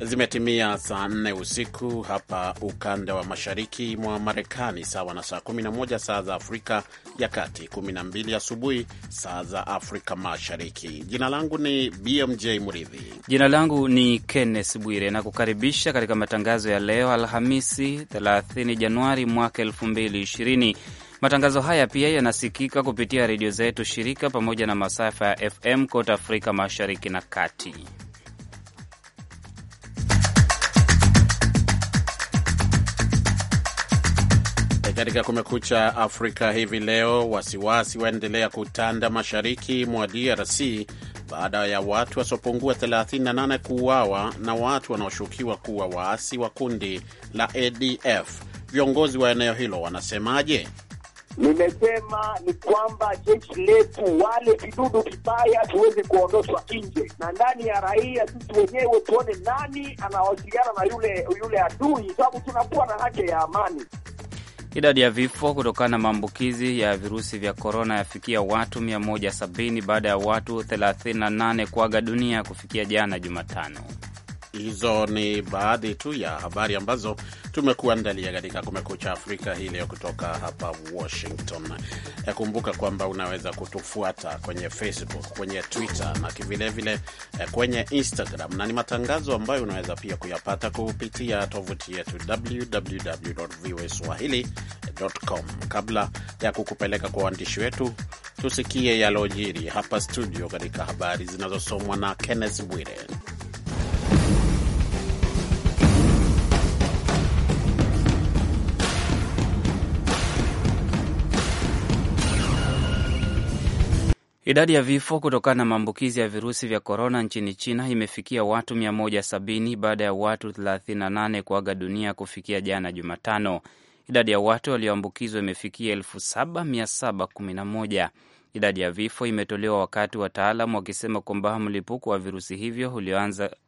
Zimetimia saa nne usiku hapa ukanda wa mashariki mwa Marekani, sawa na saa 11 saa za Afrika ya Kati, 12 asubuhi saa za Afrika Mashariki. Jina langu ni BMJ mridhi Jina langu ni Kenneth Bwire na kukaribisha katika matangazo ya leo Alhamisi 30 Januari mwaka 2020. Matangazo haya pia yanasikika kupitia redio zetu shirika pamoja na masafa ya FM kote Afrika Mashariki na Kati. Katika Kumekucha Afrika hivi leo, wasiwasi waendelea kutanda mashariki mwa DRC baada ya watu wasiopungua 38 kuuawa na watu wanaoshukiwa kuwa waasi wa kundi la ADF. Viongozi wa eneo hilo wanasemaje? Nimesema ni kwamba jeshi letu, wale vidudu vibaya tuweze kuondoshwa nje na ndani ya raia, sisi wenyewe tuone nani anawasiliana na yule yule adui, sababu tunakuwa na haki ya amani. Idadi ya vifo kutokana na maambukizi ya virusi vya korona yafikia watu 170 baada ya watu 38 kuaga dunia kufikia jana Jumatano. Hizo ni baadhi tu ya habari ambazo tumekuandalia katika Kumekucha Afrika hii leo kutoka hapa Washington. Kumbuka kwamba unaweza kutufuata kwenye Facebook, kwenye Twitter na vilevile eh, kwenye Instagram, na ni matangazo ambayo unaweza pia kuyapata kupitia tovuti yetu www www.voaswahili.com. Kabla ya kukupeleka kwa waandishi wetu, tusikie yalojiri hapa studio katika habari zinazosomwa na Kenneth Bwire. Idadi ya vifo kutokana na maambukizi ya virusi vya korona nchini China imefikia watu 170 baada ya watu 38 kuaga dunia kufikia jana Jumatano. Idadi ya watu walioambukizwa imefikia 7711. Idadi ya vifo imetolewa wakati wataalam wakisema kwamba mlipuko wa virusi hivyo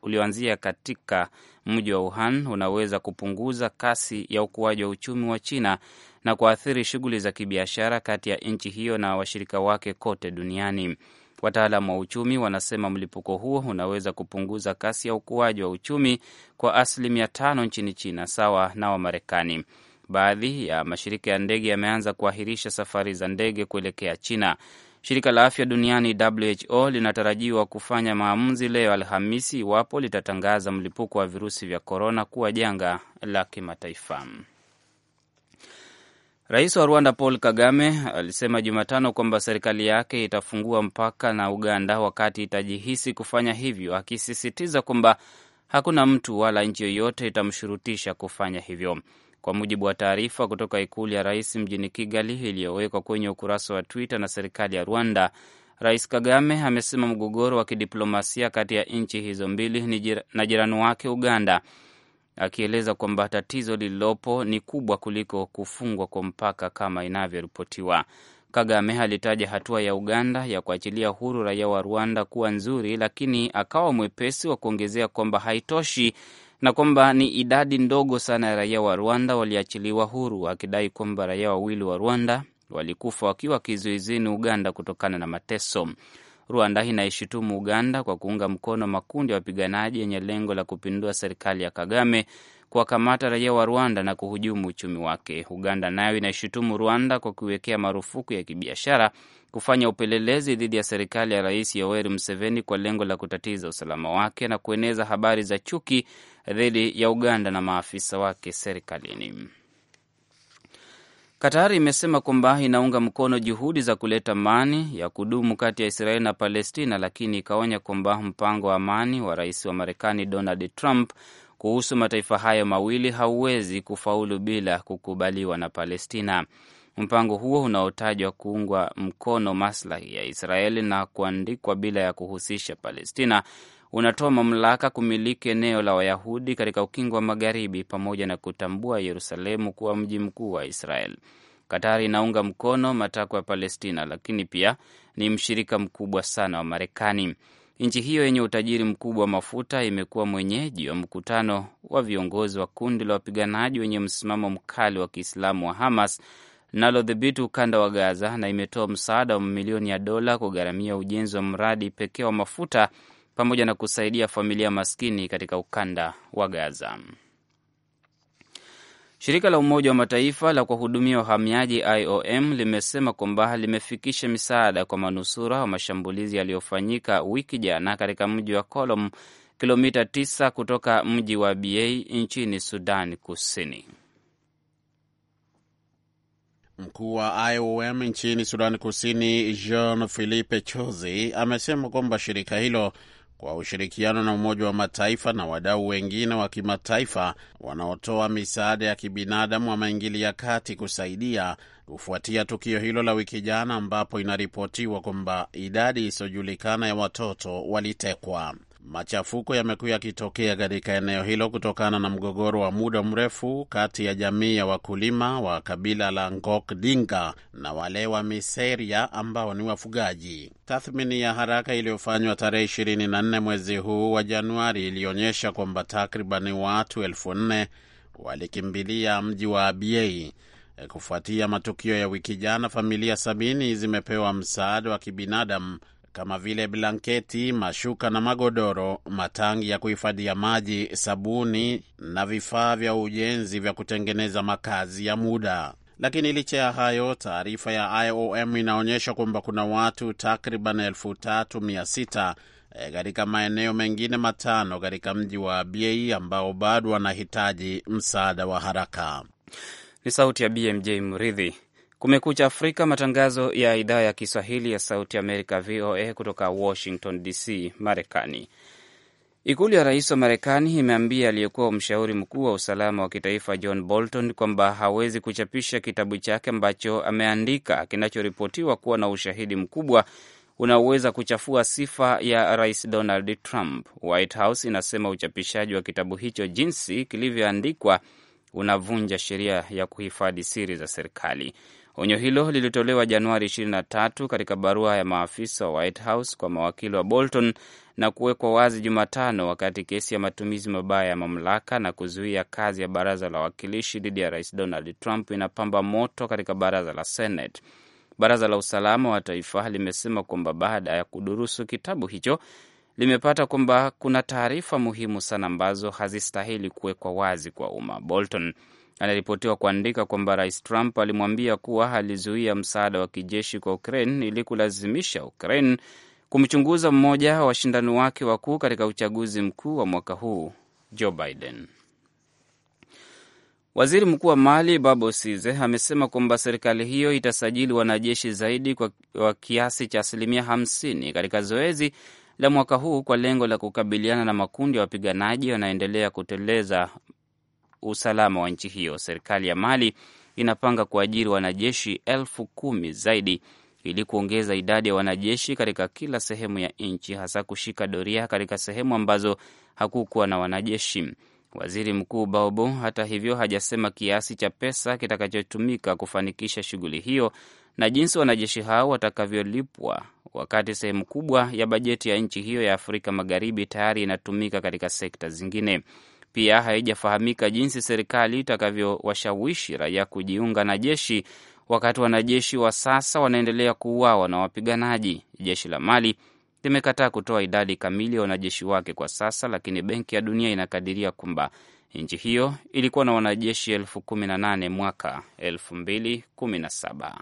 ulioanzia katika mji wa Wuhan unaweza kupunguza kasi ya ukuaji wa uchumi wa China na kuathiri shughuli za kibiashara kati ya nchi hiyo na washirika wake kote duniani. Wataalamu wa uchumi wanasema mlipuko huo unaweza kupunguza kasi ya ukuaji wa uchumi kwa asilimia tano nchini China, sawa na Wamarekani. Baadhi ya mashirika ya ndege yameanza kuahirisha safari za ndege kuelekea China. Shirika la afya duniani WHO linatarajiwa kufanya maamuzi leo Alhamisi iwapo litatangaza mlipuko wa virusi vya korona kuwa janga la kimataifa. Rais wa Rwanda Paul Kagame alisema Jumatano kwamba serikali yake itafungua mpaka na Uganda wakati itajihisi kufanya hivyo, akisisitiza kwamba hakuna mtu wala nchi yoyote itamshurutisha kufanya hivyo. Kwa mujibu wa taarifa kutoka ikulu ya rais mjini Kigali iliyowekwa kwenye ukurasa wa Twitter na serikali ya Rwanda, Rais Kagame amesema mgogoro wa kidiplomasia kati ya nchi hizo mbili na jirani wake Uganda akieleza kwamba tatizo lililopo ni kubwa kuliko kufungwa kwa mpaka kama inavyoripotiwa. Kagame alitaja hatua ya Uganda ya kuachilia huru raia wa Rwanda kuwa nzuri, lakini akawa mwepesi wa kuongezea kwamba haitoshi na kwamba ni idadi ndogo sana ya raia wa Rwanda waliachiliwa huru, akidai kwamba raia wawili wa Rwanda walikufa wakiwa kizuizini Uganda kutokana na mateso. Rwanda inaishutumu Uganda kwa kuunga mkono makundi ya wapiganaji yenye lengo la kupindua serikali ya Kagame, kuwakamata raia wa Rwanda na kuhujumu uchumi wake. Uganda nayo inaishutumu Rwanda kwa kuiwekea marufuku ya kibiashara kufanya upelelezi dhidi ya serikali ya Rais Yoweri Museveni kwa lengo la kutatiza usalama wake na kueneza habari za chuki dhidi ya Uganda na maafisa wake serikalini katari imesema kwamba inaunga mkono juhudi za kuleta amani ya kudumu kati ya Israeli na Palestina, lakini ikaonya kwamba mpango wa amani wa rais wa Marekani Donald Trump kuhusu mataifa hayo mawili hauwezi kufaulu bila kukubaliwa na Palestina. Mpango huo unaotajwa kuungwa mkono maslahi ya Israeli na kuandikwa bila ya kuhusisha Palestina unatoa mamlaka kumiliki eneo la Wayahudi katika ukingo wa Magharibi pamoja na kutambua Yerusalemu kuwa mji mkuu wa Israel. Katari inaunga mkono matakwa ya Palestina, lakini pia ni mshirika mkubwa sana wa Marekani. Nchi hiyo yenye utajiri mkubwa wa mafuta imekuwa mwenyeji wa mkutano wa viongozi wa kundi la wapiganaji wenye msimamo mkali wa Kiislamu wa Hamas linalodhibiti ukanda wa Gaza na imetoa msaada wa mamilioni ya dola kugharamia ujenzi wa mradi pekee wa mafuta pamoja na kusaidia familia maskini katika ukanda wa Gaza. Shirika la Umoja wa Mataifa la kuwahudumia wahamiaji IOM limesema kwamba limefikisha misaada kwa manusura wa mashambulizi yaliyofanyika wiki jana katika mji wa Kolom, kilomita 9 kutoka mji wa Ba nchini Sudan Kusini. Mkuu wa IOM nchini Sudan Kusini, Jean Philippe Chozi, amesema kwamba shirika hilo kwa ushirikiano na Umoja wa Mataifa na wadau wengine wa kimataifa wanaotoa misaada ya kibinadamu wa maingili ya kati kusaidia kufuatia tukio hilo la wiki jana, ambapo inaripotiwa kwamba idadi isiyojulikana ya watoto walitekwa. Machafuko yamekuwa yakitokea katika eneo hilo kutokana na mgogoro wa muda mrefu kati ya jamii ya wakulima wa kabila la Ngok Dinka na wale wa Miseria ambao ni wafugaji. Tathmini ya haraka iliyofanywa tarehe 24 mwezi huu wa Januari ilionyesha kwamba takriban watu elfu nne walikimbilia mji wa Abyei kufuatia matukio ya wiki jana. Familia sabini zimepewa msaada wa kibinadamu kama vile blanketi, mashuka na magodoro, matangi ya kuhifadhia maji, sabuni na vifaa vya ujenzi vya kutengeneza makazi ya muda. Lakini licha ya hayo, taarifa ya IOM inaonyesha kwamba kuna watu takriban elfu tatu mia sita eh, katika maeneo mengine matano katika mji wa Bei ambao bado wanahitaji msaada wa haraka. Ni sauti ya BMJ Mridhi. Kumekucha Afrika, matangazo ya idhaa ya Kiswahili ya Sauti Amerika, VOA, kutoka Washington DC, Marekani. Ikulu ya rais wa Marekani imeambia aliyekuwa mshauri mkuu wa usalama wa kitaifa John Bolton kwamba hawezi kuchapisha kitabu chake ambacho ameandika kinachoripotiwa kuwa na ushahidi mkubwa unaoweza kuchafua sifa ya rais Donald Trump. White House inasema uchapishaji wa kitabu hicho jinsi kilivyoandikwa unavunja sheria ya kuhifadhi siri za serikali. Onyo hilo lilitolewa Januari 23 katika barua ya maafisa wa White House kwa mawakili wa Bolton na kuwekwa wazi Jumatano wakati kesi ya matumizi mabaya ya mamlaka na kuzuia kazi ya baraza la wawakilishi dhidi ya rais Donald Trump inapamba moto katika baraza la Senate. Baraza la usalama wa taifa limesema kwamba baada ya kudurusu kitabu hicho limepata kwamba kuna taarifa muhimu sana ambazo hazistahili kuwekwa wazi kwa umma. Bolton anaripotiwa kuandika kwamba Rais Trump alimwambia kuwa alizuia msaada wa kijeshi kwa Ukraine ili kulazimisha Ukraine kumchunguza mmoja wa washindani wake wakuu katika uchaguzi mkuu wa mwaka huu, Joe Biden. Waziri Mkuu wa Mali Babo Size amesema kwamba serikali hiyo itasajili wanajeshi zaidi kwa kiasi cha asilimia 50 katika zoezi la mwaka huu kwa lengo la kukabiliana na makundi ya wapiganaji wanaendelea kuteleza usalama wa nchi hiyo. Serikali ya Mali inapanga kuajiri wanajeshi elfu kumi zaidi ili kuongeza idadi ya wanajeshi katika kila sehemu ya nchi, hasa kushika doria katika sehemu ambazo hakukuwa na wanajeshi. Waziri Mkuu Baobo, hata hivyo, hajasema kiasi cha pesa kitakachotumika kufanikisha shughuli hiyo na jinsi wanajeshi hao watakavyolipwa, wakati sehemu kubwa ya bajeti ya nchi hiyo ya Afrika Magharibi tayari inatumika katika sekta zingine. Pia haijafahamika jinsi serikali itakavyowashawishi raia kujiunga na jeshi wakati wanajeshi wa sasa wanaendelea kuuawa na wapiganaji. Jeshi la Mali limekataa kutoa idadi kamili ya wanajeshi wake kwa sasa, lakini Benki ya Dunia inakadiria kwamba nchi hiyo ilikuwa na wanajeshi elfu kumi na nane mwaka elfu mbili kumi na saba.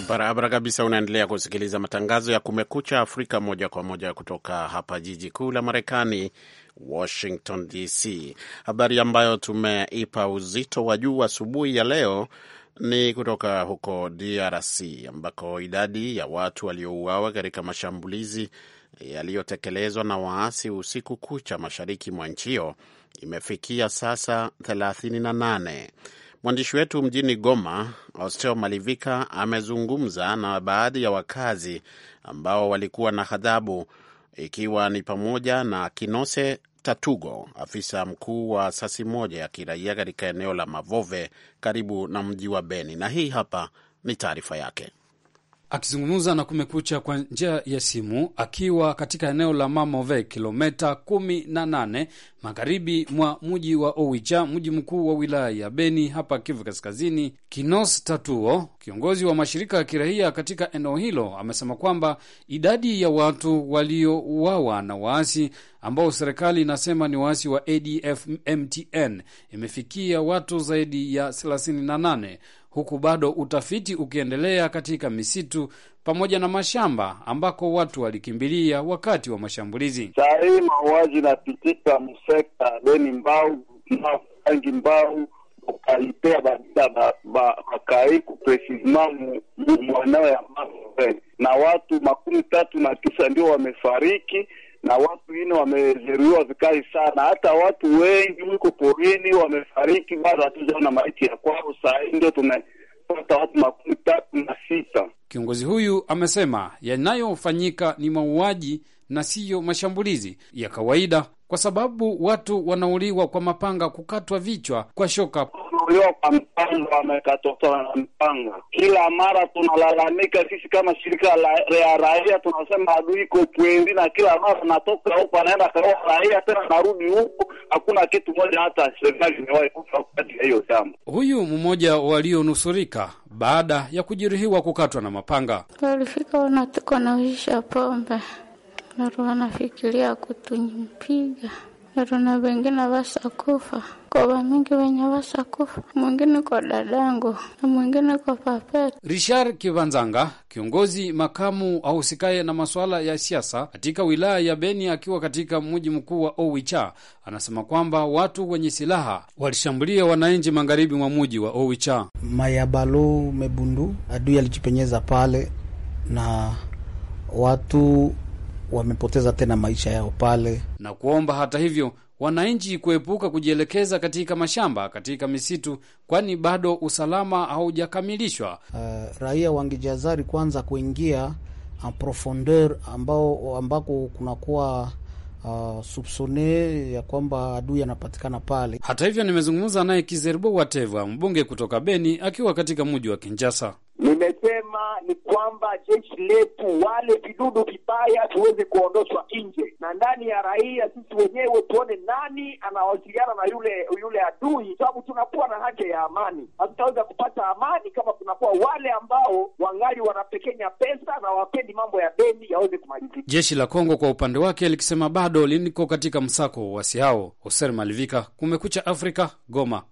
Barabara kabisa. Unaendelea kusikiliza matangazo ya Kumekucha Afrika moja kwa moja kutoka hapa jiji kuu la Marekani, Washington DC. Habari ambayo tumeipa uzito wa juu asubuhi ya leo ni kutoka huko DRC ambako idadi ya watu waliouawa katika mashambulizi yaliyotekelezwa na waasi usiku kucha mashariki mwa nchi hiyo imefikia sasa 38. Mwandishi wetu mjini Goma, Osteo Malivika, amezungumza na baadhi ya wakazi ambao walikuwa na hadhabu ikiwa ni pamoja na Kinose Tatugo, afisa mkuu wa asasi moja ya kiraia katika eneo la Mavove karibu na mji wa Beni, na hii hapa ni taarifa yake. Akizungumza na Kumekucha kwa njia ya simu akiwa katika eneo la Mamove, kilomita kumi na nane magharibi mwa mji wa Owicha, mji mkuu wa wilaya ya Beni hapa Kivu Kaskazini, Kinos Tatuo, kiongozi wa mashirika ya kiraia katika eneo hilo, amesema kwamba idadi ya watu waliouawa na waasi ambao serikali inasema ni waasi wa ADF MTN imefikia watu zaidi ya 38 huku bado utafiti ukiendelea katika misitu pamoja na mashamba ambako watu walikimbilia wakati wa mashambulizi. Saa hii mauaji inapitika msekta Beni Mbau Rangi Mbau ukalitea badila makaiku presizimamu mwanawe ambao na watu makumi tatu na tisa ndio wamefariki na watu wengine wamejeruhiwa vikali sana. Hata watu wengi wiko porini wamefariki, bado hatujaona maiti ya kwao. Saa hii ndio tumepata watu makumi tatu na sita. Kiongozi huyu amesema yanayofanyika ni mauaji na siyo mashambulizi ya kawaida, kwa sababu watu wanauliwa kwa mapanga, kukatwa vichwa kwa shoka kuchukuliwa kwa mpango wamekatotana na mpango. Kila mara tunalalamika sisi kama shirika la raia, tunasema adui iko pwenzi, na kila mara natoka huko anaenda kaoa raia tena narudi huko, hakuna kitu moja hata serikali imewahi kufa ya hiyo jambo. Huyu mmoja walionusurika baada ya kujeruhiwa kukatwa na mapanga, walifika wanatuko nawisha pombe, naru wanafikiria kutunimpiga Tuna wengine kufa kwa wamingi wenye kufa, mwingine kwa dadangu na mwingine kwa papet. Richard Kivanzanga, kiongozi makamu ahusikaye na masuala ya siasa katika wilaya ya Beni, akiwa katika mji mkuu wa Owicha, anasema kwamba watu wenye silaha walishambulia wananchi magharibi mwa mji wa Owicha. Mayabalu Mebundu, adui alijipenyeza pale na watu wamepoteza tena maisha yao pale, na kuomba hata hivyo wananchi kuepuka kujielekeza katika mashamba, katika misitu, kwani bado usalama haujakamilishwa. Uh, raia wangejazari kwanza kuingia en uh, profondeur ambao ambako kunakuwa Uh, subsone ya kwamba adui anapatikana pale. Hata hivyo nimezungumza naye Kizerbo Wateva, mbunge kutoka Beni, akiwa katika mji wa Kinshasa. Nimesema ni kwamba jeshi letu, wale vidudu vibaya tuweze kuondoshwa nje na ndani ya raia, sisi wenyewe tuone nani anawasiliana na yule yule adui, sababu tunakuwa na haja ya amani. Hatutaweza kupata amani kama kunakuwa wale ambao wangali wanapekenya pesa na wapendi mambo ya deni yaweze kumalizika. Jeshi la Kongo kwa upande wake likisema bado liniko katika msako wa waasi hao. Hoser Malivika, Kumekucha Afrika, Goma.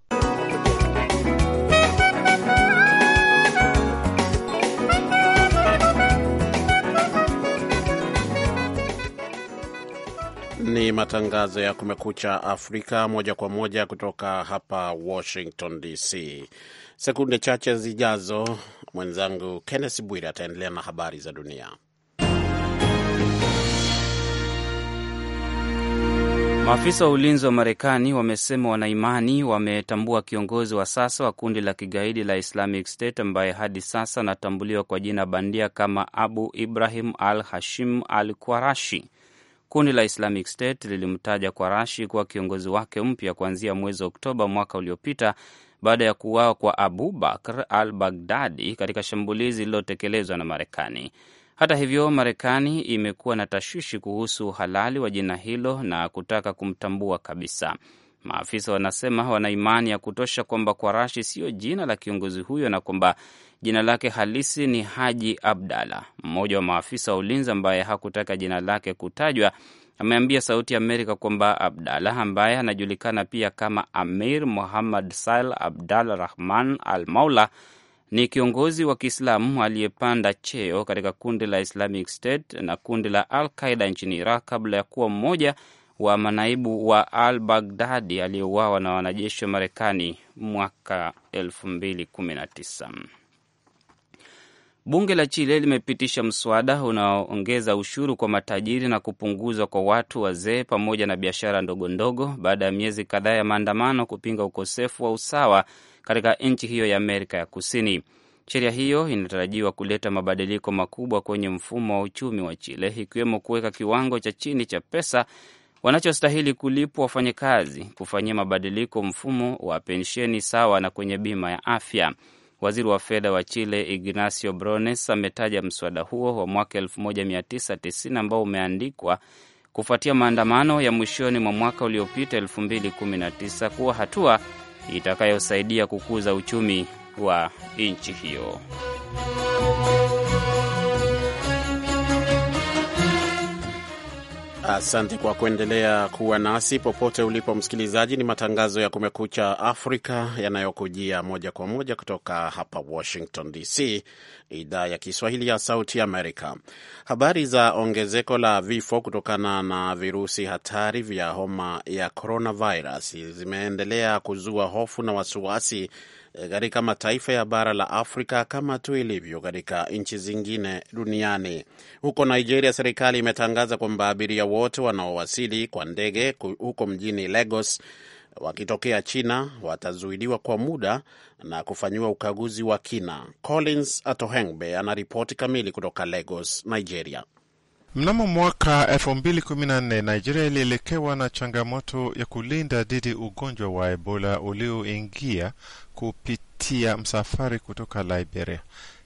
ni matangazo ya Kumekucha Afrika moja kwa moja kutoka hapa Washington DC. Sekunde chache zijazo, mwenzangu Kenneth Bwire ataendelea na habari za dunia. Maafisa wa ulinzi wa Marekani wamesema wanaimani wametambua kiongozi wa sasa wa kundi la kigaidi la Islamic State ambaye hadi sasa anatambuliwa kwa jina bandia kama Abu Ibrahim al Hashim al Kwarashi. Kundi la Islamic State lilimtaja kwa rashi kuwa kiongozi wake mpya kuanzia mwezi Oktoba mwaka uliopita baada ya kuuawa kwa Abu Bakr al Baghdadi katika shambulizi lililotekelezwa na Marekani. Hata hivyo, Marekani imekuwa na tashwishi kuhusu uhalali wa jina hilo na kutaka kumtambua kabisa. Maafisa wanasema wana imani ya kutosha kwamba Kwarashi siyo jina la kiongozi huyo na kwamba jina lake halisi ni Haji Abdalla. Mmoja wa maafisa wa ulinzi ambaye hakutaka jina lake kutajwa ameambia Sauti ya Amerika kwamba Abdalla ambaye anajulikana pia kama Amir Muhammad Sal Abdal Rahman Al Maula ni kiongozi wa Kiislamu aliyepanda cheo katika kundi la Islamic State na kundi la Al Qaida nchini Iraq kabla ya kuwa mmoja wa manaibu wa al Baghdadi aliyeuawa na wanajeshi wa Marekani mwaka 2019. Bunge la Chile limepitisha mswada unaoongeza ushuru kwa matajiri na kupunguzwa kwa watu wazee pamoja na biashara ndogo ndogo baada ya miezi kadhaa ya maandamano kupinga ukosefu wa usawa katika nchi hiyo ya Amerika ya Kusini. Sheria hiyo inatarajiwa kuleta mabadiliko makubwa kwenye mfumo wa uchumi wa Chile, ikiwemo kuweka kiwango cha chini cha pesa wanachostahili kulipwa wafanyakazi, kufanyia mabadiliko mfumo wa pensheni sawa na kwenye bima ya afya. Waziri wa fedha wa Chile Ignacio brones ametaja mswada huo wa mwaka 1990 ambao umeandikwa kufuatia maandamano ya mwishoni mwa mwaka uliopita 2019 kuwa hatua itakayosaidia kukuza uchumi wa nchi hiyo. Asante kwa kuendelea kuwa nasi popote ulipo msikilizaji. Ni matangazo ya Kumekucha Afrika yanayokujia moja kwa moja kutoka hapa Washington DC, idhaa ya Kiswahili ya Sauti Amerika. Habari za ongezeko la vifo kutokana na virusi hatari vya homa ya coronavirus zimeendelea kuzua hofu na wasiwasi katika mataifa ya bara la Afrika kama tu ilivyo katika nchi zingine duniani. Huko Nigeria, serikali imetangaza kwamba abiria wote wanaowasili kwa ndege huko mjini Lagos wakitokea China watazuiliwa kwa muda na kufanyiwa ukaguzi wa kina. Collins Atohengbe anaripoti kamili kutoka Lagos, Nigeria. Mnamo mwaka 2014 Nigeria ilielekewa na changamoto ya kulinda dhidi ugonjwa wa Ebola ulioingia kupitia msafari kutoka Liberia.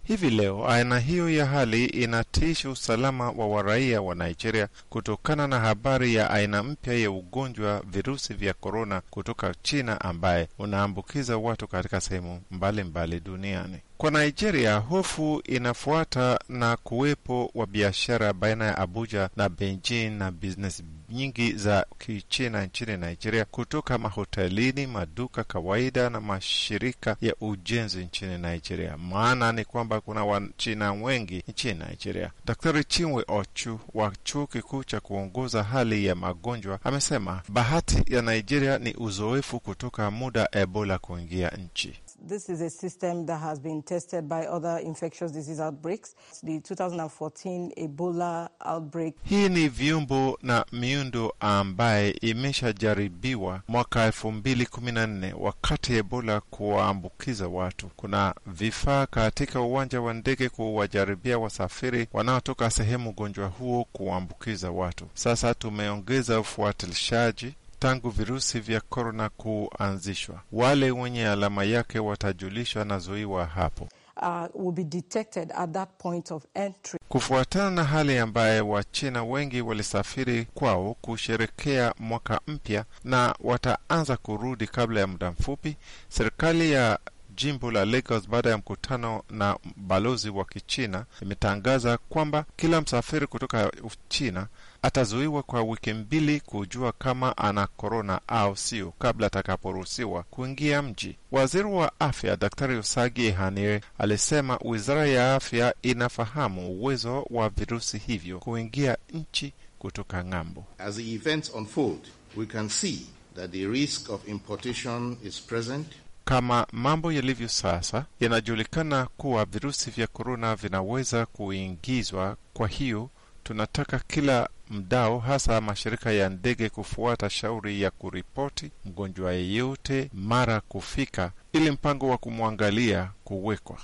Hivi leo aina hiyo ya hali inatiisha usalama wa waraia wa Nigeria kutokana na habari ya aina mpya ya ugonjwa virusi vya korona kutoka China ambaye unaambukiza watu katika sehemu mbalimbali duniani. Kwa Nigeria, hofu inafuata na kuwepo wa biashara baina ya Abuja na Beijing na business nyingi za Kichina nchini Nigeria, kutoka mahotelini, maduka kawaida na mashirika ya ujenzi nchini Nigeria. Maana ni kwamba kuna Wachina wengi nchini Nigeria. Daktari Chinwe Ochu wa chuo kikuu cha kuongoza hali ya magonjwa amesema bahati ya Nigeria ni uzoefu kutoka muda Ebola kuingia nchi. This is a system that has been tested by other infectious disease outbreaks. The 2014 Ebola outbreak. Hii ni viumbo na miundo ambaye imeshajaribiwa mwaka elfu mbili kumi na nne wakati Ebola kuwaambukiza watu. Kuna vifaa katika uwanja wa ndege kuwajaribia wasafiri wanaotoka sehemu ugonjwa huo kuwaambukiza watu. Sasa tumeongeza ufuatilishaji tangu virusi vya korona kuanzishwa. Wale wenye alama yake watajulishwa na zuiwa hapo. Uh, will be detected at that point of entry. Kufuatana na hali ambaye Wachina wengi walisafiri kwao kusherekea mwaka mpya na wataanza kurudi kabla ya muda mfupi, serikali ya jimbo la Lagos baada ya mkutano na balozi wa Kichina imetangaza kwamba kila msafiri kutoka China atazuiwa kwa wiki mbili kujua kama ana korona au sio kabla atakaporuhusiwa kuingia mji. Waziri wa afya Daktari Usagi Haniwe alisema wizara ya afya inafahamu uwezo wa virusi hivyo kuingia nchi kutoka ng'ambo. As the events unfold, we can see that the risk of importation is present. Kama mambo yalivyo sasa, yanajulikana kuwa virusi vya korona vinaweza kuingizwa. Kwa hiyo tunataka kila mdau, hasa mashirika ya ndege, kufuata shauri ya kuripoti mgonjwa yeyote mara kufika ili mpango wa kumwangalia kuwekwa.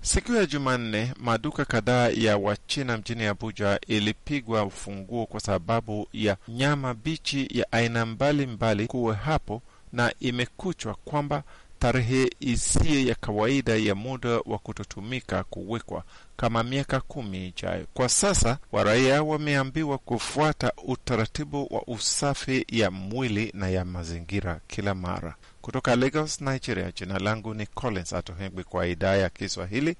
Siku ya Jumanne, maduka kadhaa ya Wachina mjini Abuja ilipigwa ufunguo kwa sababu ya nyama bichi ya aina mbalimbali kuwe hapo, na imekuchwa kwamba tarehe isiyo ya kawaida ya muda wa kutotumika kuwekwa kama miaka kumi ijayo. Kwa sasa waraia wameambiwa kufuata utaratibu wa usafi ya mwili na ya mazingira kila mara. Kutoka Lagos, Nigeria, jina langu ni Collins Atohengwi kwa idhaa ya Kiswahili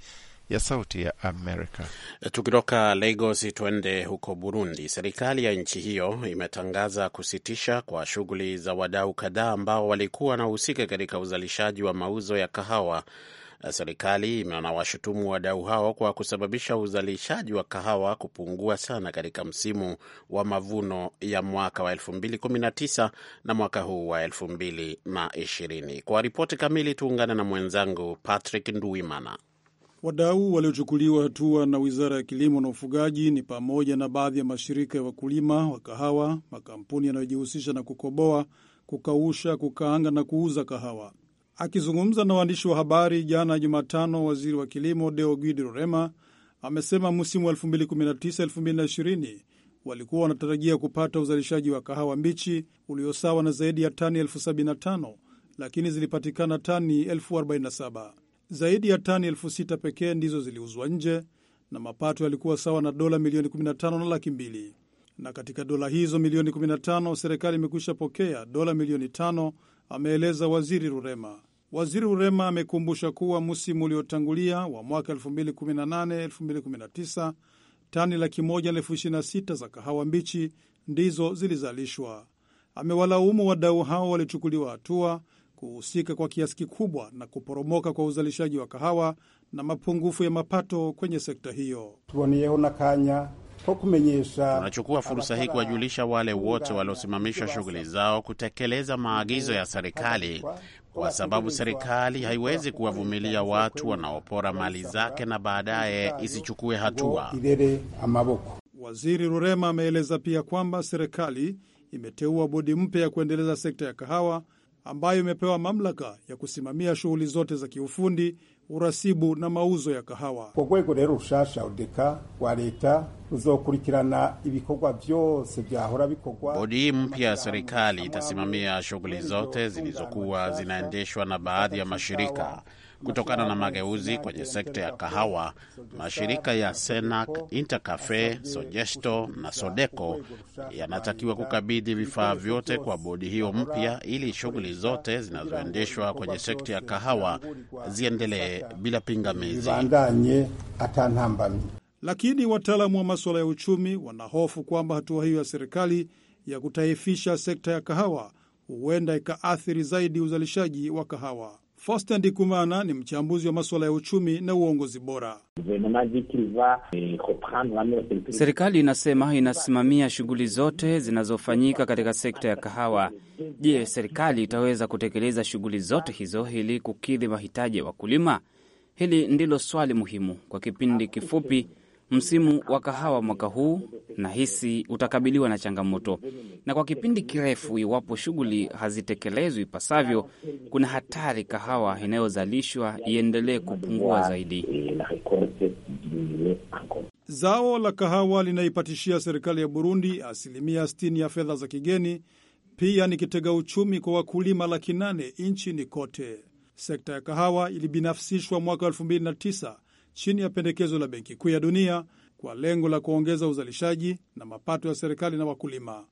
ya Sauti ya Amerika. Tukitoka Lagos tuende huko Burundi. Serikali ya nchi hiyo imetangaza kusitisha kwa shughuli za wadau kadhaa ambao walikuwa wanahusika katika uzalishaji wa mauzo ya kahawa. Serikali imewashutumu wadau hao kwa kusababisha uzalishaji wa kahawa kupungua sana katika msimu wa mavuno ya mwaka wa 2019 na mwaka huu wa 2020. Kwa ripoti kamili tuungane na mwenzangu Patrick Nduimana. Wadau waliochukuliwa hatua na Wizara ya Kilimo na Ufugaji ni pamoja na baadhi ya mashirika ya wakulima wa kahawa, makampuni yanayojihusisha na kukoboa, kukausha, kukaanga na kuuza kahawa. Akizungumza na waandishi wa habari jana Jumatano, waziri wa kilimo Deogyid Rema amesema msimu wa 2019/2020 walikuwa wanatarajia kupata uzalishaji wa kahawa mbichi uliosawa na zaidi ya tani elfu 75 lakini zilipatikana tani elfu 47 zaidi ya tani elfu sita pekee ndizo ziliuzwa nje na mapato yalikuwa sawa na dola milioni 15 na laki mbili. Na katika dola hizo milioni 15 serikali imekwisha pokea dola milioni tano, ameeleza waziri Rurema. Waziri Rurema amekumbusha kuwa msimu uliotangulia wa mwaka 2018-2019 tani laki moja na elfu ishirini na sita za kahawa mbichi ndizo zilizalishwa. Amewalaumu wadau hao walichukuliwa hatua kuhusika kwa kiasi kikubwa na kuporomoka kwa uzalishaji wa kahawa na mapungufu ya mapato kwenye sekta hiyo. Tunachukua fursa hii kuwajulisha wale wote waliosimamisha shughuli zao kutekeleza maagizo ya serikali, kwa sababu serikali haiwezi kuwavumilia watu wanaopora mali zake na baadaye isichukue hatua. Waziri Rurema ameeleza pia kwamba serikali imeteua bodi mpya ya kuendeleza sekta ya kahawa ambayo imepewa mamlaka ya kusimamia shughuli zote za kiufundi, urasibu na mauzo ya kahawa. kwa rwego rero rushasha udeka wa leta ruzokurikirana ibikorwa vyose vyahora bikorwa. Bodi hii mpya ya serikali itasimamia shughuli zote zilizokuwa zinaendeshwa na baadhi ya mashirika kutokana na mageuzi kwenye sekta ya kahawa. Mashirika ya Senac, Intercafe, Sogesto na Sodeco yanatakiwa kukabidhi vifaa vyote kwa bodi hiyo mpya ili shughuli zote zinazoendeshwa kwenye sekta ya kahawa ziendelee bila pingamizi. Lakini wataalamu wa masuala ya uchumi wanahofu kwamba hatua hiyo ya serikali ya kutaifisha sekta ya kahawa huenda ikaathiri zaidi uzalishaji wa kahawa. Foster Ndikumana ni mchambuzi wa masuala ya uchumi na uongozi bora. Serikali inasema inasimamia shughuli zote zinazofanyika katika sekta ya kahawa. Je, serikali itaweza kutekeleza shughuli zote hizo ili kukidhi mahitaji ya wakulima? Hili ndilo swali muhimu. Kwa kipindi kifupi, Msimu wa kahawa mwaka huu nahisi utakabiliwa na changamoto, na kwa kipindi kirefu, iwapo shughuli hazitekelezwi ipasavyo, kuna hatari kahawa inayozalishwa iendelee kupungua zaidi. Zao la kahawa linaipatishia serikali ya Burundi asilimia 60 ya fedha za kigeni. Pia ni kitega uchumi kwa wakulima laki nane nchini kote. Sekta ya kahawa ilibinafsishwa mwaka 2009 chini ya pendekezo la Benki Kuu ya Dunia kwa lengo la kuongeza uzalishaji na mapato ya serikali na wakulima.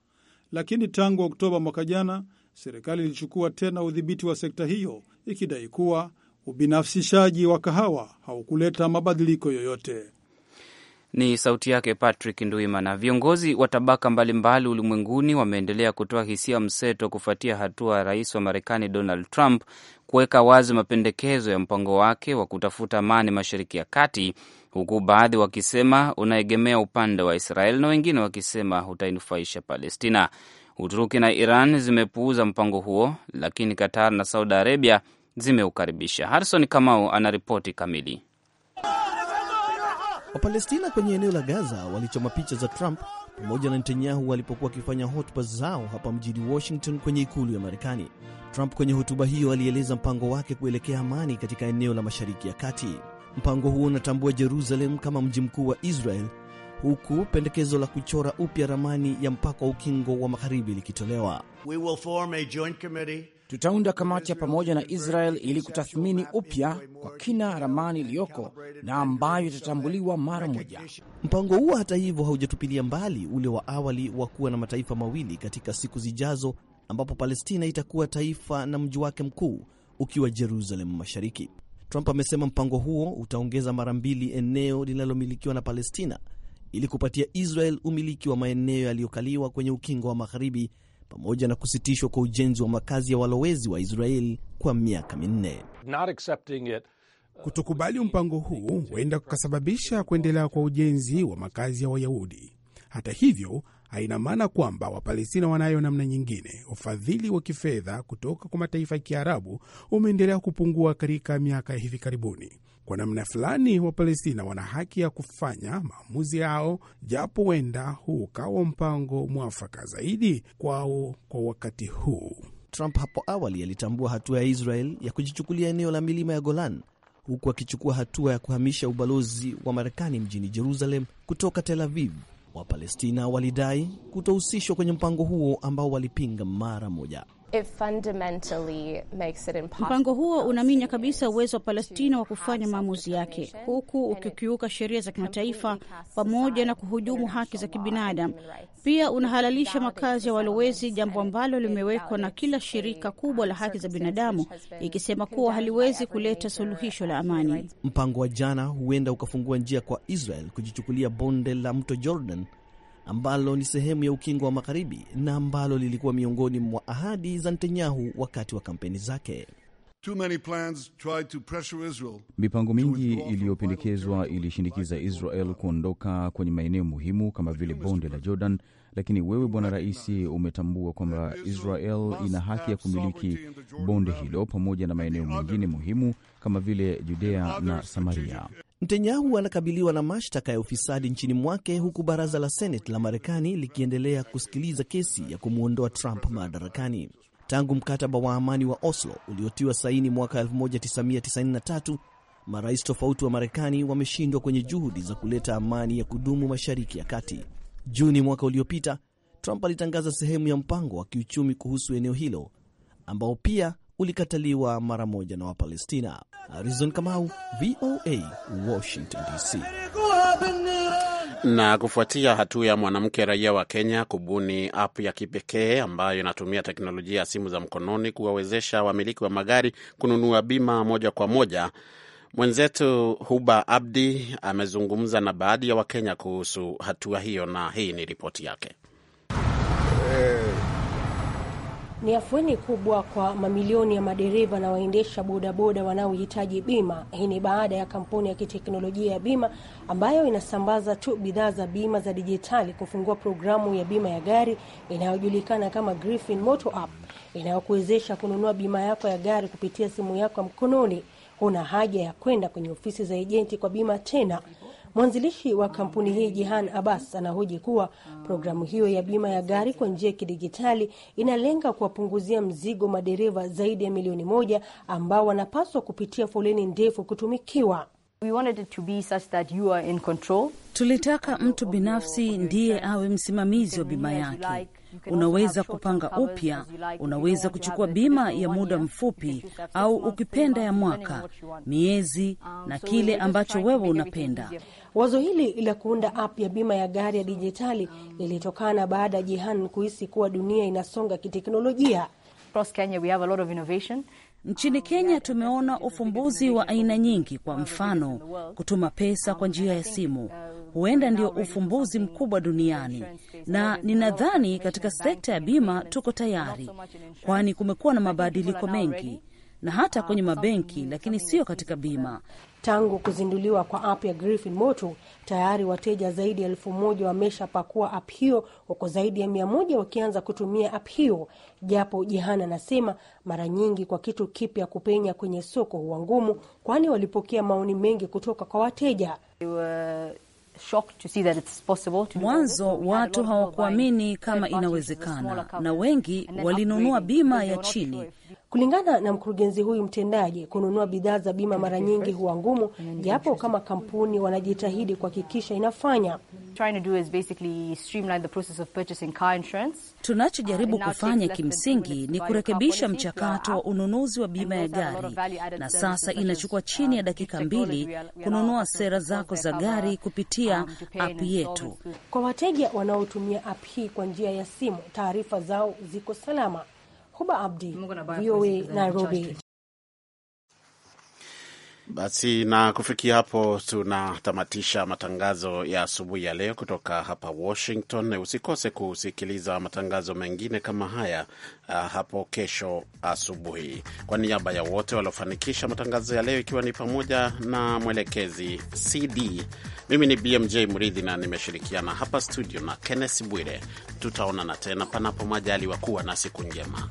Lakini tangu Oktoba mwaka jana, serikali ilichukua tena udhibiti wa sekta hiyo ikidai kuwa ubinafsishaji wa kahawa haukuleta mabadiliko yoyote. Ni sauti yake Patrick Nduimana. Viongozi wa tabaka mbalimbali ulimwenguni wameendelea kutoa hisia mseto kufuatia hatua ya rais wa Marekani Donald Trump kuweka wazi mapendekezo ya mpango wake wa kutafuta amani Mashariki ya Kati, huku baadhi wakisema unaegemea upande wa Israel na wengine wakisema utainufaisha Palestina. Uturuki na Iran zimepuuza mpango huo, lakini Qatar na Saudi Arabia zimeukaribisha. Harison Kamau anaripoti kamili. Wapalestina kwenye eneo la Gaza walichoma picha za Trump pamoja na Netanyahu walipokuwa wakifanya hotuba zao hapa mjini Washington kwenye ikulu ya Marekani. Trump kwenye hotuba hiyo alieleza mpango wake kuelekea amani katika eneo la Mashariki ya Kati. Mpango huo unatambua Jerusalem kama mji mkuu wa Israel, huku pendekezo la kuchora upya ramani ya mpaka wa ukingo wa magharibi likitolewa. We will form a joint committee Tutaunda kamati ya pamoja na Israel ili kutathmini upya kwa kina ramani iliyoko na ambayo itatambuliwa mara moja. Mpango huo hata hivyo, haujatupilia mbali ule wa awali wa kuwa na mataifa mawili katika siku zijazo ambapo Palestina itakuwa taifa na mji wake mkuu ukiwa Jerusalem Mashariki. Trump amesema mpango huo utaongeza mara mbili eneo linalomilikiwa na Palestina ili kupatia Israel umiliki wa maeneo yaliyokaliwa kwenye ukingo wa Magharibi, pamoja na kusitishwa kwa ujenzi wa makazi ya walowezi wa Israeli kwa miaka minne. Uh, Kutokubali mpango huu huenda kukasababisha kuendelea kwa ujenzi wa makazi ya Wayahudi. Hata hivyo, haina maana kwamba Wapalestina wanayo namna nyingine. Ufadhili wa kifedha kutoka kwa mataifa ya Kiarabu umeendelea kupungua katika miaka ya hivi karibuni. Kwa namna fulani, Wapalestina wana haki ya kufanya maamuzi yao, japo huenda huu ukawa mpango mwafaka zaidi kwao kwa wakati huu. Trump hapo awali alitambua hatua ya Israel ya kujichukulia eneo la milima ya Golan huku akichukua hatua ya kuhamisha ubalozi wa Marekani mjini Jerusalem kutoka Tel Aviv Wapalestina walidai kutohusishwa kwenye mpango huo ambao walipinga mara moja. Mpango huo unaminya kabisa uwezo wa Palestina wa kufanya maamuzi yake, huku ukikiuka sheria za kimataifa pamoja na kuhujumu haki za kibinadamu. Pia unahalalisha makazi ya walowezi, jambo ambalo limewekwa na kila shirika kubwa la haki za binadamu, ikisema kuwa haliwezi kuleta suluhisho la amani. Mpango wa jana huenda ukafungua njia kwa Israel kujichukulia bonde la mto Jordan ambalo ni sehemu ya ukingo wa magharibi na ambalo lilikuwa miongoni mwa ahadi za Netanyahu wakati wa kampeni zake. Mipango mingi iliyopendekezwa ilishinikiza Israel kuondoka kwenye maeneo muhimu kama vile bonde la Jordan, lakini wewe bwana raisi, umetambua kwamba Israel ina haki ya kumiliki bonde hilo pamoja na maeneo mengine muhimu kama vile Judea na Samaria. Netanyahu anakabiliwa na mashtaka ya ufisadi nchini mwake huku baraza la Seneti la Marekani likiendelea kusikiliza kesi ya kumwondoa Trump madarakani. Tangu mkataba wa amani wa Oslo uliotiwa saini mwaka 1993, marais tofauti wa Marekani wameshindwa kwenye juhudi za kuleta amani ya kudumu Mashariki ya Kati. Juni mwaka uliopita, Trump alitangaza sehemu ya mpango wa kiuchumi kuhusu eneo hilo ambao pia ulikataliwa mara moja na Wapalestina. Arizon Kamau, VOA, Washington DC. Na kufuatia hatua ya mwanamke raia wa Kenya kubuni app ya kipekee ambayo inatumia teknolojia ya simu za mkononi kuwawezesha wamiliki wa magari kununua bima moja kwa moja, mwenzetu Huba Abdi amezungumza na baadhi ya Wakenya kuhusu hatua hiyo, na hii ni ripoti yake. ni afueni kubwa kwa mamilioni ya madereva na waendesha bodaboda wanaohitaji bima. Hii ni baada ya kampuni ya kiteknolojia ya bima ambayo inasambaza tu bidhaa za bima za dijitali kufungua programu ya bima ya gari inayojulikana kama Griffin Moto App inayokuwezesha kununua bima yako ya gari kupitia simu yako ya mkononi. Huna haja ya kwenda kwenye ofisi za ejenti kwa bima tena. Mwanzilishi wa kampuni hii Jihan Abbas anahoji kuwa programu hiyo ya bima ya gari kwa njia ya kidigitali inalenga kuwapunguzia mzigo madereva zaidi ya milioni moja ambao wanapaswa kupitia foleni ndefu kutumikiwa. We wanted it to be such that you are in control. Tulitaka mtu binafsi ndiye awe msimamizi wa bima yake, unaweza kupanga upya, unaweza kuchukua bima ya muda mfupi, au ukipenda ya mwaka, miezi um, na kile ambacho wewe unapenda. Wazo hili la kuunda app ya bima ya gari ya dijitali um, lilitokana baada ya Jihan kuhisi kuwa dunia inasonga kiteknolojia. Nchini um, Kenya tumeona ufumbuzi wa aina nyingi, kwa mfano kutuma pesa kwa njia ya simu, uh, huenda ndio ufumbuzi mkubwa duniani, na ninadhani katika sekta ya bima tuko tayari, kwani kumekuwa na mabadiliko mengi na hata kwenye mabenki, lakini sio katika bima. Tangu kuzinduliwa kwa app ya Griffin tayari wateja zaidi ya elfu moja wameshapakua app hiyo, huko zaidi ya mia moja wakianza kutumia app hiyo, japo jehan anasema mara nyingi kwa kitu kipya kupenya kwenye soko huwa ngumu, kwani walipokea maoni mengi kutoka kwa wateja. Mwanzo watu hawakuamini kama inawezekana, na wengi walinunua bima ya chini Kulingana na mkurugenzi huyu mtendaji, kununua bidhaa za bima mara nyingi huwa ngumu, japo kama kampuni wanajitahidi kuhakikisha inafanya. Tunachojaribu kufanya kimsingi ni kurekebisha mchakato wa ununuzi wa bima ya gari, na sasa inachukua uh, chini ya dakika mbili kununua sera zako za gari kupitia um, app yetu. Kwa wateja wanaotumia app hii kwa njia ya simu, taarifa zao ziko salama. Huba Abdi, VOA Nairobi. Basi na kufikia hapo tunatamatisha matangazo ya asubuhi ya leo kutoka hapa Washington. Usikose kusikiliza matangazo mengine kama haya ah, hapo kesho asubuhi. Kwa niaba ya wote waliofanikisha matangazo ya leo, ikiwa ni pamoja na mwelekezi CD, mimi ni BMJ Mridhi na nimeshirikiana hapa studio na Kenneth Bwire. Tutaonana tena panapo majaliwa. Kuwa na siku njema.